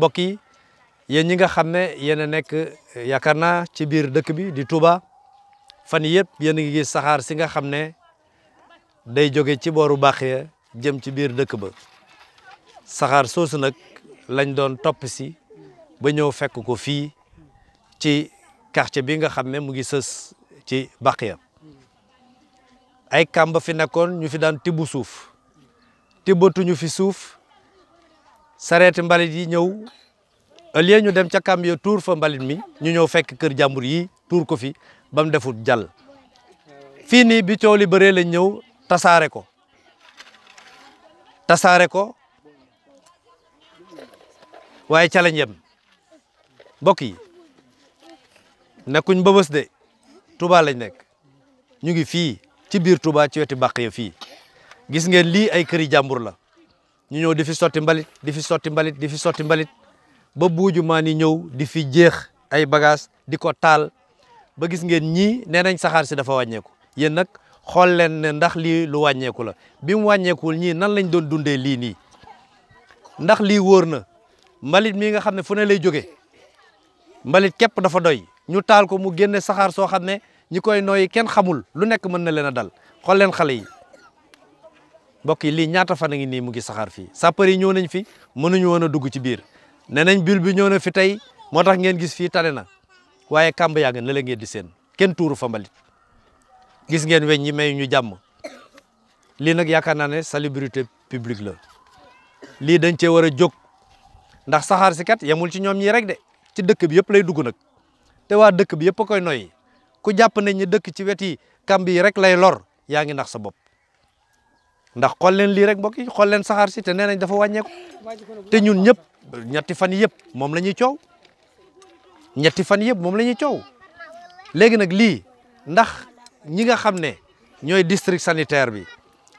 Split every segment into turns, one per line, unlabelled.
mbokk yi yéen ñi nga xam ne yéen nekk yaakaar naa ci biir dëkk bi di Touba fan yëpp yéen a ngi gis saxaar si nga xam ne day jóge ci booru Baxiya jëm ci biir dëkk ba saxaar soosu nag lañ doon topp si ba ñëw fekk ko fii ci quartier bi nga xam ne mu ngi sës ci Baxiya ay kàmb fi nekkoon ñu fi daan tibb suuf tibbatuñu fi suuf sareeti mbalit yi ñëw au ñu dem ca camion tuur fa mbalit mi ñu ñëw fekk kër jàmbur yi tuur ko fi bam mu defut jàll fii nii bi coow li bëree lañ ñëw tasaare ko tasaare ko waaye ca lañ yem mbokk yi nekkuñ Mbëbës de Touba lañ nekk ñu ngi fii ci biir Touba ci weti bàq yi fii gis ngeen lii ay këri jàmbur la ñu ñëw di fi sotti mbalit di fi sotti mbalit di fi sotti mbalit ba buuju maa ni ñëw di fi jeex ay bagaas di ko taal ba gis ngeen ñii nee nañ saxaar si dafa wàññeeku yéen nag xool leen ne ndax lii lu wàññeeku la bi mu wàññeekuwul ñii nan lañ doon dundee lii nii ndax lii wóor na mbalit mii nga xam ne fu ne lay jóge mbalit képp dafa doy ñu taal ko mu génne saxaar soo xam ne ñi koy nooyi kenn xamul lu nekk mën na leen a dal xool leen xale yi bokk yi lii ñaata fan a ngi nii mu gi saxaar fii sapeur yi ñëw nañ fi mënuñu woon a dugg ci biir nee nañ bul bi ñëw na fi tey moo tax ngeen gis fii tane na waaye kàmb yaa nga na la ngeen di seen kenn tuuru fa mbalit gis ngeen weñ ñi may ñu jàmm lii nag yaakaar naa ne salubrité publique la lii dañ cee war a jóg ndax saxaar si kat yemul ci ñoom ñii rek de ci dëkk bi yëpp lay dugg nag te waa dëkk bi yëpp a koy noy ku jàpp ne ñu dëkk ci wet yi kàmb yi rek lay lor yaa ngi nax sa bopp ndax xool leen lii rek mbokk yi xool leen saxaar si te nee nañ dafa wàññeeku te ñun ñëpp ñetti fan yëpp moom la ñuy coow ñetti fan yëpp moom la ñuy coow léegi nag lii ndax ñi nga xam ne ñooy district sanitaire bi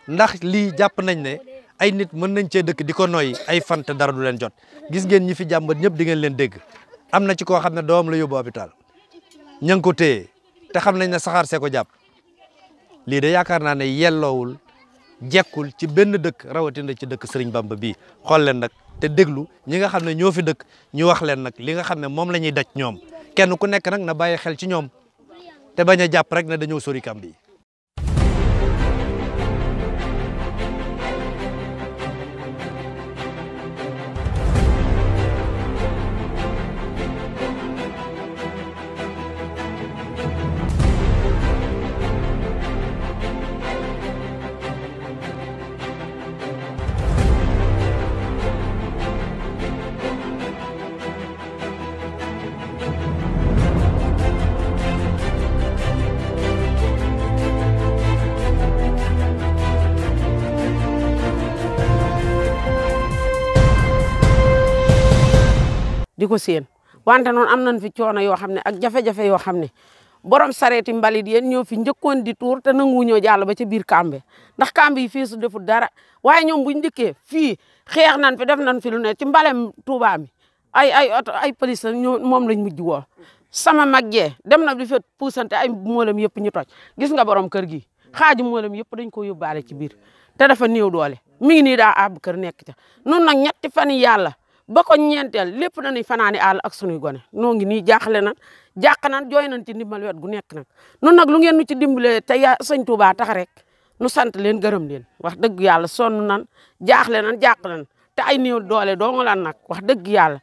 ndax lii jàpp nañ ne ay nit mën nañ cee dëkk di ko noyyi ay fan te dara du leen jot gis ngeen ñi fi jàmbat ñëpp di ngeen leen dégg am na ci koo xam ne doom la yóbbu hôpital ña ngi ko téye te xam nañ ne saxaar see ko jàpp lii de yaakaar naa ne yelloowul jekkul ci benn dëkk rawatin rawatina ci dëkk Serigne Bamba bii xool leen nag te déglu ñi nga xam ne ñoo fi dëkk ñu wax leen nag li nga xam ne moom la ñuy daj ñoom kenn ku nekk nag na bàyyi xel ci ñoom te bañ a jàpp rek ne dañoo sori Kambi
ko wante noonu am nañ fi coono yoo xam ne ak jafe-jafe yoo xam ne borom sareeti mbalit yéen ñoo fi njëkkoon di tuur te nanguwu ñoo jàll ba ca biir kambe ndax kambe yi fii su deful dara waaye ñoom bu ñu fii xeex nañ fi def nañ fi lu ne ci mbalem Touba mi ay ay oto ay police ñoo moom lañ mujj woo sama mag jee dem na di fa puusante ay moolam yëpp ñu toj gis nga borom kër gi xaaju moolam yëpp dañ ko yóbbaale ci biir te dafa néew doole mi ngi nii daa àbb kër nekk ca nun nag ñetti fan yàlla ba ko ñeenteel lépp nañuy fanaani àll ak sunuy gone noo ngi nii jaaxle na jàq nan jooy nañ ci ndimbal wet gu nekk nag nun nag lu ngeen nu ci dimbalee te ya sëñ Tuubaa tax rek nu sant leen gërëm leen wax dëgg yàlla sonn nan jaaxle nan jàq nan te ay néew doole dong lan nag wax dëgg yàlla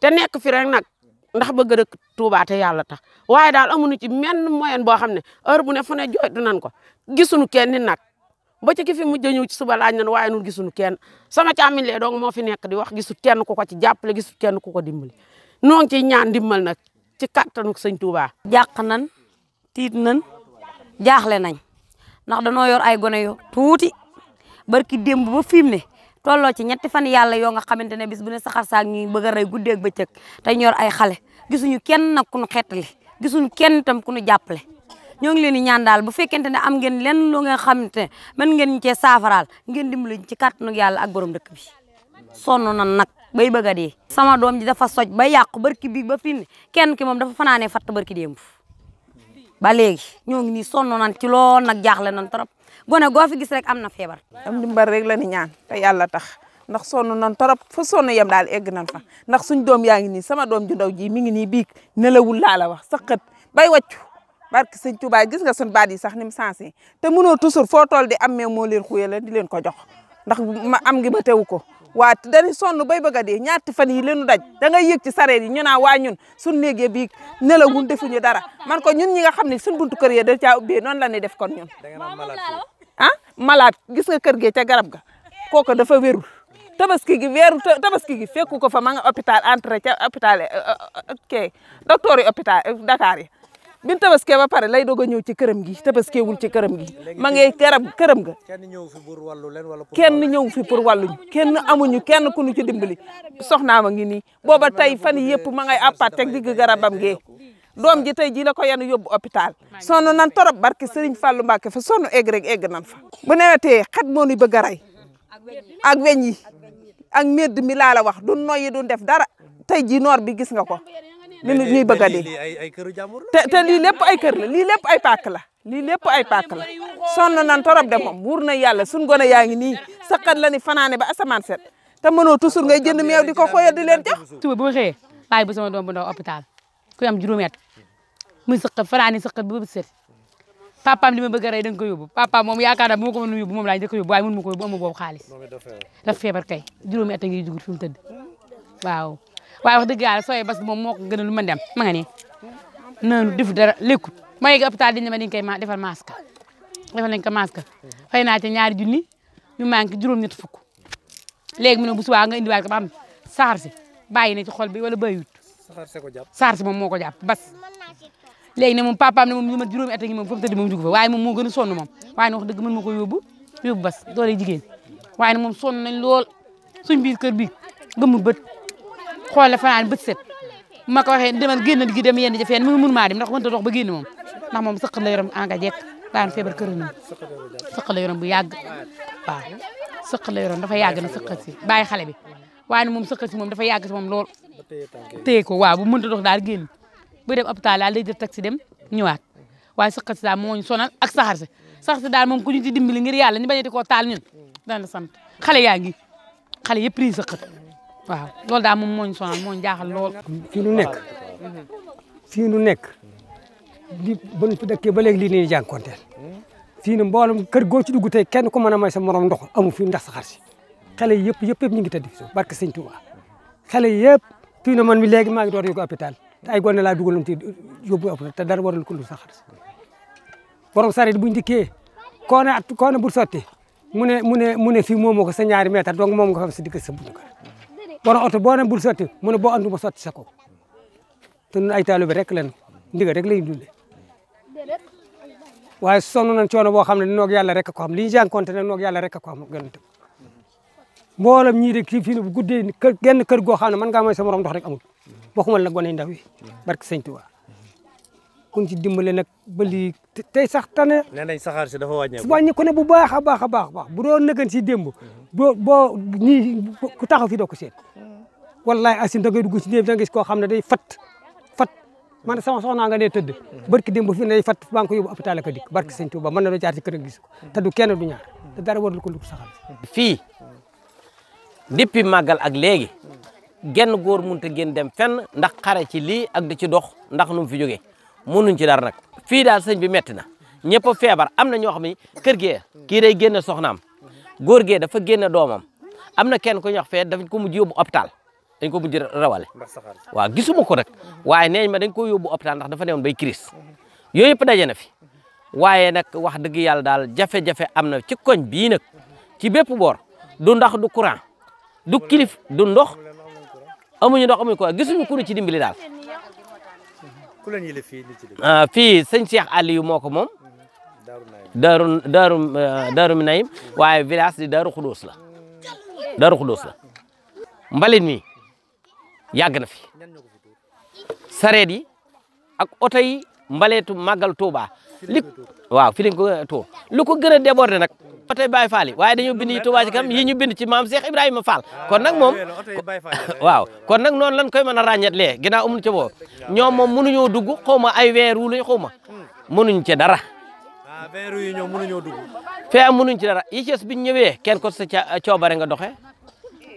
te nekk fi rek nag ndax bëgg rek Tuubaa te yàlla tax waaye daal amuñu ci menn moyen boo xam ne heure bu ne fu ne jooytu nan ko gisuñu kenn nag ba ci ki fi mujj ñëw ci suba laaj na waaye nun gisuñu kenn sama càmmiñ lee dong moo fi nekk di wax gisul kenn ku ko ci jàppale gisul kenn ku ko dimbali noo ngi ciy ñaan dimbal nag ci kattanu sëñ Touba. jàq nan tiit nan jaaxle nañ
ndax danoo yor ay gone yo tuuti barki démb ba fi mu ne tolloo ci ñetti fan yàlla yoo nga xamante ne bis bu ne saxar saak ñuy bëgg a rey guddeeg bëccëg te ñor ay xale gisuñu kenn nag ku ñu xeetali gisuñu kenn itam ku ñu jàppale. ñoo ngi leen di ñaan daal bu fekkente ne am ngeen lenn lu nga xamante ne mën ngeen cee saafaraal ngeen dimbali ci kàttanu yàlla ak borom dëkk bi sonn na nag bay bëgg a sama doom ji dafa soj ba yàqu barki bi ba fin kenn ki moom dafa fanaanee fatt barki démb léegi ñoo ngi nii sonn nañ ci lool nag jaaxle nañ trop gone goo fi gis rek am na feebar am dimbal rek la ni ñaan te yàlla tax ndax sonn
nañ torop fa sonn yam daal egg nañ fa ndax suñ doom yaa ngi nii sama doom ju ndaw ji mi ngi nii biig nelawul laa la wax saqat bay wàccu barke sëñ Tuubaa gis nga sun baat yi sax ni mu sensé te mënoo toujours foo tool di am mais moo ku xuyee la di leen ko jox ndax ma am ngi ma tewu ko waa dañu son bay bëgg a dee ñaati fan yi leenu daj da ngay yëg ci sareet yi ñu naa waa ñun suñ néegee bii nelawun defuñu dara man ko ñun ñi nga xam ne suñ buntu kër yee da caa ubbee noonu la ñuy def kon ñun ah malade gis nga kër gee ca garab ga kooku dafa wérul tabaski gi weeru tabaski gi fekku ko fa ma nga hôpital entré ca hôpital eh, eh, eh, ke docteur yi hôpital Dakar yi bi tabaskee ba pare lay doog a ñëw ci këram gi tabaskeewul ci këram gi ma ngay këram këram ga
kenn ñëw fi pour wàllu leen wala
kenn ñëw fi pour wàlluñ kenn amuñu kenn ku ñu ci dimbali soxnaama ngi nii booba tey fan yëpp ma a appat teg digg garabam ge doom ji tey jii la ko yanu yóbbu hôpital sonn nan torop barke Serigne Fallou Mbacke fa sonn egg rek nan fa bu newetee xet moo ñu bëgg a ak weñ yi ak medd mi laa la wax du noyyi du def dara tey jii noor bi gis nga ko li ñuy bëgg a dee te te lii lépp ay kër la lii lépp ay pàkk la lii lépp ay pàkk la sonn nan torop de moom wóor na yàlla suñ gone yaa ngi nii saqat la ni fanaane ba asamaan set te mënoo
toujours ngay jënd meew di ko xooyal di leen jox suba bu ma xëyee bàyyi ba sama doom bu ndaw hôpital ku am juróomi at muy saqat fanaane saqat set papaam li ma bëgg a rey da nga ko yóbbu papaam moom yaakaar naa bu ma ko mën a yóbbu moom laa njëkk a yóbbu waaye mënu ko yóbbu amu boobu xaalis daf feebar kay juróomi at a ngi jugut fi mu waaye wax dëgg yàlla sooyee bas moom moo ko gënal lu ma dem ma nga nii noonu def dara lekkut ma yegg hôpital dañ ne ma dañ koy ma defal masque defal nañ ko masque fay naa ca ñaari junni ñu manqué juróom-ñett fukk léegi mu ne bu subaa nga indiwaat ko ba xam saxar na ci bi wala bàyyiwut saxar si moom moo ko jàpp bas léegi ne moom papaam ne moom ñu mat juróomi at a ngi moom fa mu tëdd moom jugu fa waaye moom moo gën a sonn moom waaye ne wax dëgg mën ma ko yóbbu yóbbu doole jigéen waaye ne moom sonn nañ lool suñ biir kër bi gëmul bët xool la fanaan bët set ma ko waxee demal génn gi dem yenn ji fenn mënu mënu maa dem ndax mënut a dox ba génn moom ndax moom sëq la yorom anga jekk daan feebar kër moom sëq la yorom bu yàgg waaw sëq la yorom dafa yàgg na sëqat si bàyyi xale bi waaye moom sëqat si moom dafa yàgg si moom lool tee ko waaw bu mënut a dox daal génn bu dem hôpital daal day jël taxi dem ñëwaat waaye sëqat si daal moo ñu sonal ak saxar si daal moom ku ñu ci dimbali ngir yàlla ñu bañati koo taal ñun dana sant xale yaa ngi xale yëpp rii
sëqat waaw
loolu daal moom moo ñu sonal moo ñu jaaxal lool. fii nu nekk
fii nu nekk li ba ñu fi dëkkee ba léegi lii nii jànkuwanteel fii nii mboolem kër goo ci dugg kenn ku mën a may sa morom ndox amu fi ndax saxaar si xale yëpp yëpp yëpp ñu ngi tëdd fii barke sëñ Touba xale yëpp fii nii man mi léegi maa ngi door yóbbu hôpital te ay gone laa dugaloon ci yóbbu hôpital te dara waral ko lu saxaar si borom sareet buñ dikkee koo ne at koo ne bu sotti mu ne mu ne mu ne fii moomoo ko sa ñaari mètre donc moom nga xam sa bunt kër borom oto boo ne bul sotti mu ne boo andu ma sotti sa ko te ñun ay taalibe rek leen ndigal rek lañu dunde waaye sonn nañ coono boo xam ne noog yàlla rek ko xam li ñu jànkonte ne noog yàlla rek ko xam gën mboolam ñii de kii fii bu guddee kër genn kër goo xam ne mën ngaa mooy sa morom ndox rek amul waxuma la gone ndaw yi barke sëñ Tuubaa kun ci dimbale nag ba te tey sax tane
nee nañ saxaar si dafa wàññeeku wàññi
ko ne bu baax a baax a baax bu doon nëgan si démb boo boo ñii ku taxaw fi doo ko seet wallaay asin da ngay dugg ci néeg da nga gis koo xam ne day fat fat man sama soxnaa nga ne tëdd barki démb fi ne day fat maa ngi ko yóbbu hôpital ak a dikk barki sëñ Tuuba mën na doo jaar ci kër ko ta du kenn du ñaar te dara warul ko lu ko saxal fii depuis
màggal ak léegi genn góor mënut a génn dem fen ndax xare ci lii ak di ci dox ndax nu mu fi jógee mënuñ ci dara nag fii daal sëñ bi metti na ñëpp feebar am na ñoo xam ne kër gi kii day génne soxnaam góor gee dafa génne doomam am na kenn ku ñax wax fee dañ ko mujj yóbbu hôpital dañ ko mujj rawale waa gisuma ko rek waaye neeñ ma dañ ko yóbbu hôpital ndax dafa newoon bay crise yooyu yëpp daje na fi waaye nag wax dëgg yàlla daal jafe-jafe am na ci koñ bii nag ci bépp boor du ndax du courant du kilif du ndox amuñu ndox amuñu ko gisuñu ku ñu ci dimbili daal ah, fii sëñ Cheikh Aliou moo ko moom daaru daaru eh, daaru Minayim waaye village di daaru Xudóos la daaru Xudóos la mbalit mi yàgg na fi sareet yi ak oto yi mbaleetu màggal Touba li waaw fi lañ ko eh, tuur lu ko gën a déborder nag oto yi Baye Fall yi waaye dañoo bind yi Touba ci kanam yi ñu ci maam Cheikh Ibrahima Fall kon nag moom
ah,
waaw kon nag noonu lan koy mën a ràññeet lee ginnaaw amuñu ca ñoom moom mënuñoo dugg xaw ma ay weer wu lañ xaw ma mënuñ ca dara
vingt rues yi ñoom mënuñoo dugg.
fee mënuñ ci dara yi ci bi ñu ñëwee kenn ko sa coobare nga doxee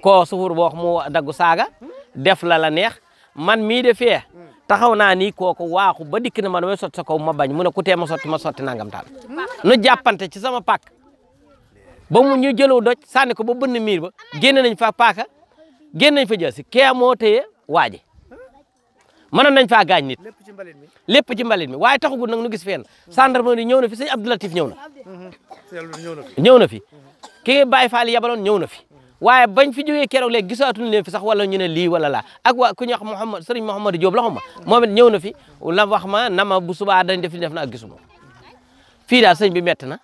ko suufur boo wax mu daggu saaga def la la neex man mii de fee taxaw naa ni kooku waaxu ba dikk na ma damay sotti sa kaw ma bañ mu ne ku tee ma sotti ma sotti nangam taal nu jàppante ci sama pak ba mu ñu jëloo doj sànni ko ba bënn miir ba génn nañ fa paaka génn nañ fa jël si kee moo téye waaji mënoon nañ faa gaañ nit lépp ci mbalit mi waaye taxagul nag nu gis fenn gendarmerie ñëw na fi sëñ Abdou Latif ñëw
na
ñëw na fi ki Baye Fall yabaloon ñëw na fi waaye bañ fi jógee keroog léegi gisaatuñu leen fi sax wala ñu ne lii wala laa ak waa ku ñuy wax Mouhamad sëriñ Mouhamad Diop la xam ma moom it ñëw na fi la wax ma nama bu subaa dañ def li def na ak gisuma fii daal sëñ bi metti na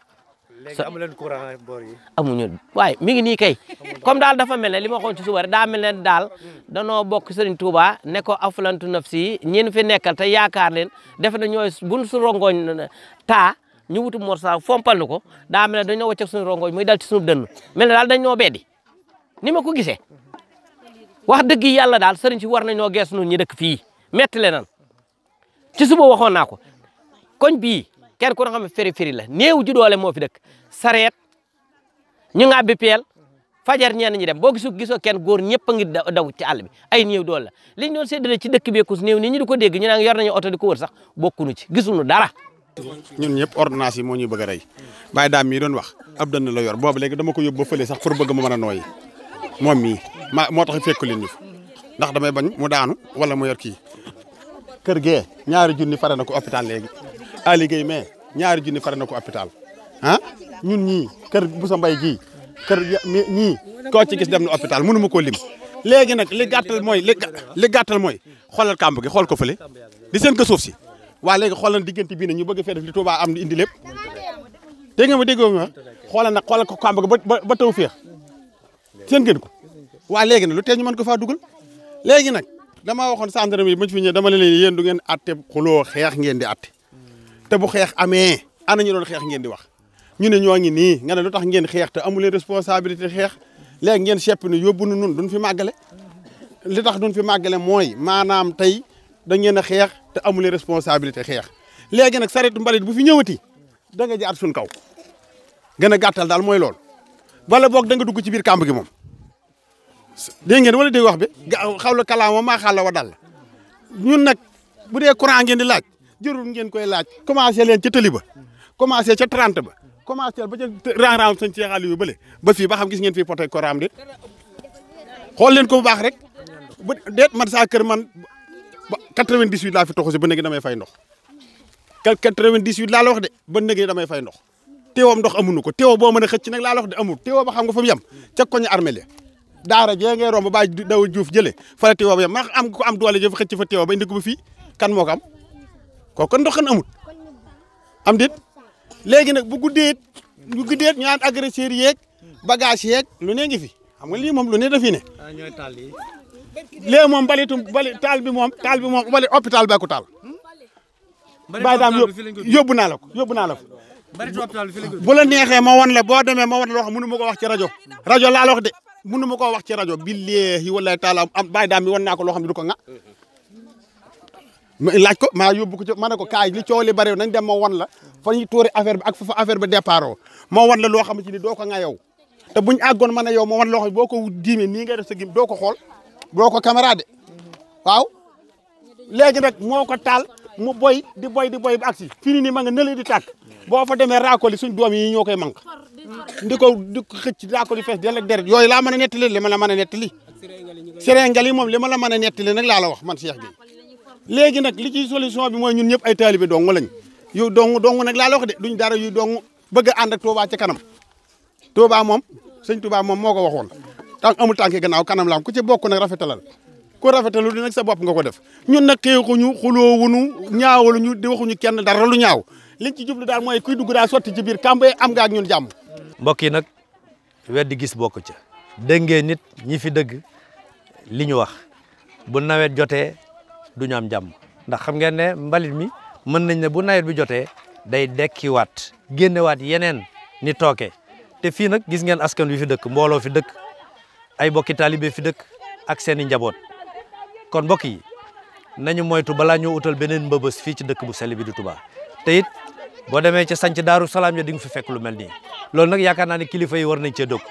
léegi amu leen courant boor yi. amuñu waaye mi ngi nii kay comme daal dafa mel ne li ma waxoon ci suba rek daa mel ne daal danoo bokk Serigne Touba ne ko afalantu nafsi ñin fi nekkal te yaakaar leen def na ñooy buñ su rongoñ taa ñu wutu Mor Sarr fompal nu ko daa mel ne dañoo wàcceeg suñu rongoñ muy dal ci suñu mel ne daal dañoo beddi ni ma ko gisee wax dëgg yàlla daal sëriñ si war nañoo gees nun ñi dëkk fii metti le nan ci suba waxoon naa ko koñ kenn ku ne xam ne feri la néew ju doole moo fi dëkk sareet ñu nga bi peel fajar ñenn ñi dem boo gisu gisoo kenn góor ñëpp a ngi daw ci àll bi ay néew doole la li ñu doon séddale ci dëkk bi ku néew nii ñu di ko dégg ñu naan yor nañu
oto di ko wër sax bokkunu ci gisuñu dara ñun ñëpp ordonnance yi moo ñuy bëgg a rey bàyyi mii doon wax ab dënn la yor boobu léegi dama ko yóbbu ba fële sax pour bëgg ma mën a nooyi moom mii ma moo tax fekku leen ñu ndax damay bañ mu daanu wala mu yor kii kër gee ñaari junni fare na ko hôpital léegi Aly Gueye mais ñaari junni fare na ko hôpital ah ñun ñii kër bu sa mbay gii kër ñii koo ci gis dem na hôpital mënu ma koo lim léegi nag li gàttal mooy li gàttal mooy xoolal kàmb gi xool ko fële di seen ko suuf si waa léegi xoolal diggante bii nag ñu bëgg fee def li am indi lépp dégg nga ma déggoo ma xoolal nag xoolal ko ba ba taw féex seen gën ko waa léegi nag lu tee ñu mën ko faa dugal léegi nag damaa waxoon gendarmerie yi ma ci fi dama leen yéen du ngeen atte xuloo xeex ngeen di atte te bu xeex amee ana ñu doon xeex ngeen di wax ñu ne ñoo ngi nii nga ne lu tax ngeen xeex te amuleen responsabilité xeex léegi ngeen sepp ne yóbbu nu nun duñ fi màggale li tax duñ fi màggale mooy maanaam tey da ngeen a xeex te amuleen responsabilité xeex léegi nag saretu mbalit bu fi ñëwati da nga jaar suñ kaw gën a gàttal daal mooy lool walla boog danga dugg ci biir kàmb gi moom dégg ngeen wala dégg wax bi xaw la kalaama maa xaala wa dal ñun nag bu dee courant ngeen di laaj jërul ngeen koy laaj commencé leen ca tëli ba commencé ca 30 ba commencé ba ca rang-rang sëñ yu Aliou bële ba fii ba xam gis ngeen fii poté koram dit xool leen ko bu baax rek ba déet man saa kër man ba 98 laa fi toxu si ba fay ndox 98 laa la wax de ba léegi damay fay ndox teewam ndox amuñu ko teewoo boo mën a xëcc nag laa la wax de amul teewoo ba xam nga fa mu yem ca koñ armée la daara jee ngay romb ba bàyyi daw juuf jële fa la teewoo ba yem ma am ko am doole jëf xëcc fa teewoo ba indi ko ba fii kan moo am kooku kon ndoxan amut am dit léegi nag bu guddeet bu guddeet ñu naan agresseurs yeeg bagage yeeg lu ne ngi fi xam nga lii moom lu ne dafi ne léegi moom mbalitu mbali taal bi moom taal bi moom mbali hôpital ba ko taal bàyyi daam yóbbu naa la ko yóbbu naa la ko bu la neexee mo won la boo demee ma won la loo xam mënu ko wax ci rajo rajo laa la wax de mënu ma koo wax ci rajo billaahi wallaahi taala am bàyyi daam bi won naa ko loo xam ne du ko nga ma laaj ko maa yóbbu ko ci ma ne ko kaay li coow li bari nañ dem ma wan la fa ñuy tóori affaire bi ak fa affaire bi départ oo ma wan la loo xamante ni doo ko nga yow te buñ àggoon ma ne yow ma wan loo xam boo ko diimee nii ngay def sa gim doo ko xool doo ko caméra waaw léegi nag moo ko taal mu boy di boy di boy ba agsi fii nii nii ma nga nële di tàkk boo fa demee raakol yi suñ doom yi ñoo koy manq ndi ko di ko xëcc raakol yi fees del ak deret yooyu laa mën a nettali li ma la mën a nettali séréngal yi moom li ma la mën a nettali nag laa la wax man Cheikh bi léegi nag li ci solution bi mooy ñun ñëpp ay taalibe dong lañ yow dong dong nag laa la wax de dara yu dong bëgg a ànd ak Touba ca kanam Touba moom sëñ Touba moom moo ko waxoon tànk amul tànki gannaaw kanam la ku ci bokk nag rafetalal ku rafetalu di nag sa bopp nga ko def ñun nag xeexuñu xuloowuñu ñaawaluñu di waxuñu kenn dara lu ñaaw liñ ci jublu daal mooy kuy dugg daal sotti ci biir kàmb am nga ak ñun jàmm.
mbokk yi nag weddi gis bokk ca dégg ngeen nit ñi fi dëgg li ñu wax bu nawet jotee. du ñu am jàmm ndax xam ngeen ne mbalit mi mën nañ ne bu nawet bi jotee day dekkiwaat génnewaat yeneen ni tooke te fii nag gis ngeen askan wi fi dëkk mbooloo fi dëkk ay bokki taalibe fi dëkk ak seen i njaboot kon mbokk yi nañu moytu balaa ñoo beneen mbëbës fii ci dëkk bu sell bi di Touba te boo demee ca sanc Daaru Salaam ya di nga fi fekk lu mel nii lool nag yaakaar naa ne kilifa yi war nañ cee dëkk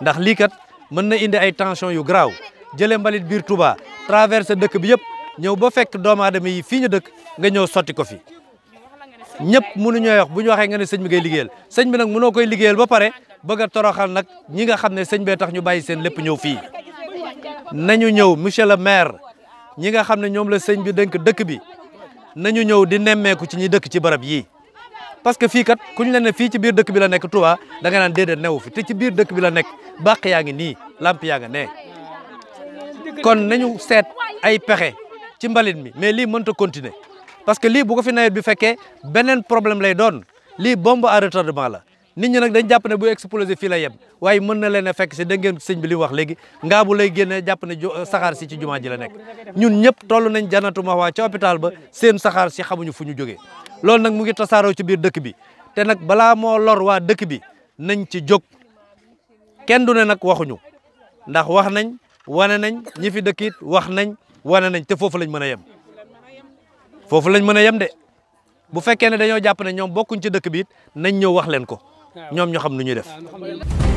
ndax lii kat mën na indi ay tension yu garaaw jële mbalit biir Touba traverse dëkk bi yëpp ñëw ba fekk doomu aadama yi fii ñu dëkk nga ñëw sotti ko fi ñëpp mun mënuñoo wax bu ñu waxee nga ne sëñ bi ngay liggéeyal sëñ bi nag munoo koy liggéeyal ba pare bëgg a toroxal nag ñi nga xam ne sëñ bee tax ñu bàyyi seen lépp ñëw fii nañu ñëw monsieur le maire ñi nga xam ne ñoom la sëñ bi dénk dëkk bi nañu ñëw di nemmeeku ci ñi dëkk ci barab yi parce que fii kat ku ñu la ne fii ci biir dëkk bi la nekk Touba da nga naan déedéet new fi te ci biir dëkk bi la nekk bàq yaa ngi nii lamp yaa nga ne kon nañu seet ay pexe ci mbalit mi mais lii mënut a continuer parce que lii bu ko fi nawet bi fekkee beneen problème lay doon lii bomb à retardement la nit ñi nag dañ jàpp ne bu explosé fii la yem waaye mën na leen a fekk si da ngeen sëñ li wax léegi ngaa bu lay génnee jàpp ne euh, saxaar si ci jumaa ji la nekk ñun ñëpp toll nañ janatuma ma waa ca hôpital ba seen saxaar si xamuñu fu ñu jóge loolu nag mu ngi tasaaroo ci biir dëkk bi te nag balaa moo lor waa dëkk bi nañ ci jóg kenn du ne nag waxuñu ndax wax nañ wane nañ ñi fi dëkk it wax nañ wane nañ te foofu lañ mën a yem foofu lañ mën a yem de bu fekkee ne dañoo jàpp ne ñoom bokkuñ ci dëkk bi nañ ñëw wax leen ko ñoom ñoo xam nu ñuy def